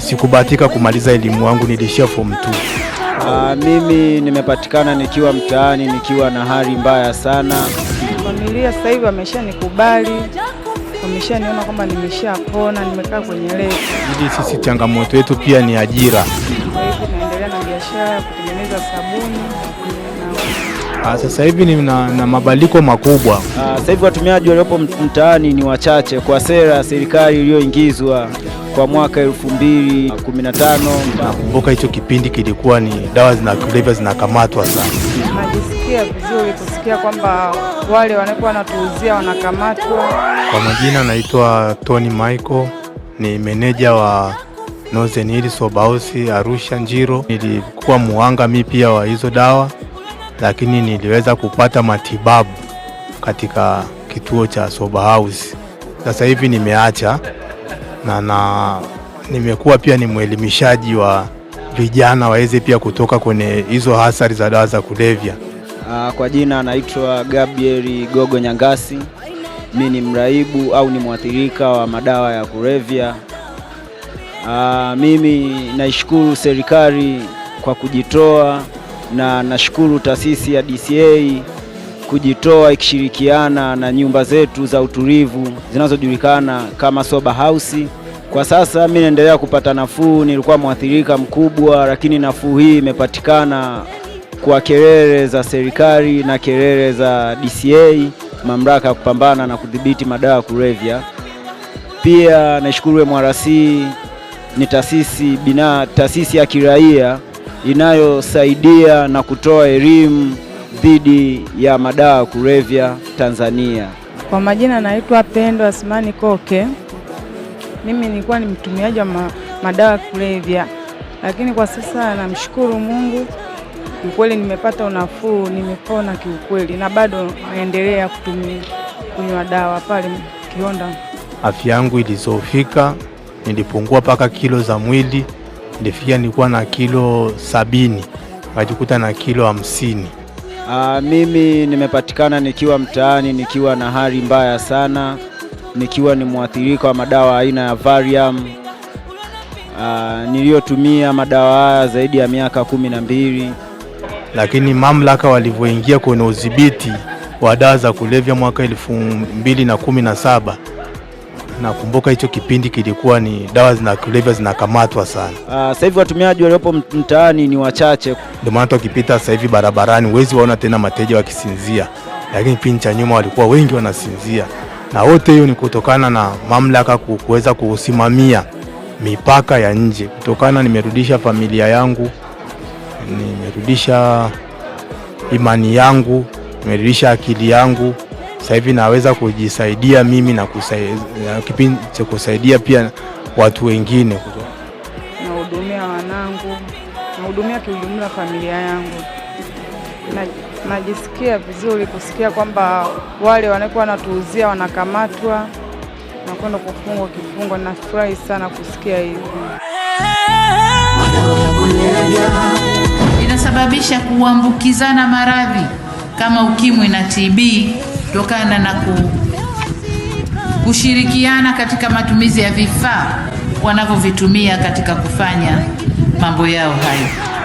Sikubahatika kumaliza elimu yangu, nilishia form 2. Uh, ah, mimi nimepatikana nikiwa mtaani nikiwa na hali mbaya sana. Familia sasa hivi wameshanikubali, wameshaniona kwamba nimeshapona, nimekaa kwenye leo. Ili sisi changamoto yetu pia ni ajira. Kwa hiyo tunaendelea na biashara kutengeneza sabuni. Ah, sasa hivi ni na, na mabadiliko makubwa. Ah, sasa hivi watumiaji waliopo mtaani ni wachache kwa sera serikali iliyoingizwa kwa mwaka 2015. Nakumbuka hicho kipindi kilikuwa ni dawa zina kulevya zinakamatwa sana. Najisikia vizuri kusikia kwamba wale wanakuwa wanatuuzia wanakamatwa. Kwa majina naitwa Tony Michael, ni meneja wa Nozenili Sobausi Arusha Njiro. Nilikuwa muhanga mi pia wa hizo dawa lakini niliweza kupata matibabu katika kituo cha Sober House. Sasa hivi nimeacha na, na nimekuwa pia ni mwelimishaji wa vijana waweze pia kutoka kwenye hizo hasari za dawa za kulevya. Ah, kwa jina anaitwa Gabriel Gogo Nyangasi. Mimi ni mraibu au ni mwathirika wa madawa ya kulevya. Ah, mimi naishukuru serikali kwa kujitoa na nashukuru taasisi ya DCA kujitoa ikishirikiana na nyumba zetu za utulivu zinazojulikana kama soba house. Kwa sasa mimi naendelea kupata nafuu, nilikuwa mwathirika mkubwa, lakini nafuu hii imepatikana kwa kelele za serikali na kelele za DCA, mamlaka ya kupambana na kudhibiti madawa ya kulevya. Pia naishukuru MRC, ni taasisi bina taasisi ya kiraia inayosaidia na kutoa elimu dhidi ya madawa ya kulevya Tanzania. Kwa majina naitwa Pendo Asimani Koke. Mimi nilikuwa ni mtumiaji wa madawa ya kulevya, lakini kwa sasa namshukuru Mungu kiukweli, nimepata unafuu, nimepona kiukweli, na bado naendelea kutumia kunywa dawa pale Kihonda. Afya yangu ilizofika, nilipungua mpaka kilo za mwili nilifikia nilikuwa na kilo sabini nikajikuta na kilo hamsini. Aa, ah, mimi nimepatikana nikiwa mtaani nikiwa na hali mbaya sana, nikiwa ni mwathirika wa madawa aina ya Valium ah, niliyotumia madawa haya zaidi ya miaka kumi na mbili, lakini mamlaka walivyoingia kwenye udhibiti wa dawa za kulevya mwaka elfu mbili na kumi na saba Nakumbuka hicho kipindi kilikuwa ni dawa zina kulevya zinakamatwa sana. Ah, sasa hivi watumiaji waliopo mtaani ni wachache, ndio maana tukipita sasa hivi barabarani huwezi waona tena mateja wakisinzia, lakini kipindi cha nyuma walikuwa wengi wanasinzia, na wote hiyo ni kutokana na mamlaka kuweza kusimamia mipaka ya nje. Kutokana nimerudisha familia yangu, nimerudisha imani yangu, nimerudisha akili yangu sasa hivi naweza kujisaidia mimi na kusaidia, kipindi cha kusaidia pia watu wengine, nahudumia wanangu, nahudumia kiujumla familia yangu na najisikia vizuri kusikia kwamba wale wanaokuwa wanatuuzia wanakamatwa na kwenda kufungwa kifungo. Nafurahi sana kusikia hivi, inasababisha kuambukizana maradhi kama ukimwi na TB kutokana na ku, kushirikiana katika matumizi ya vifaa wanavyovitumia katika kufanya mambo yao hayo.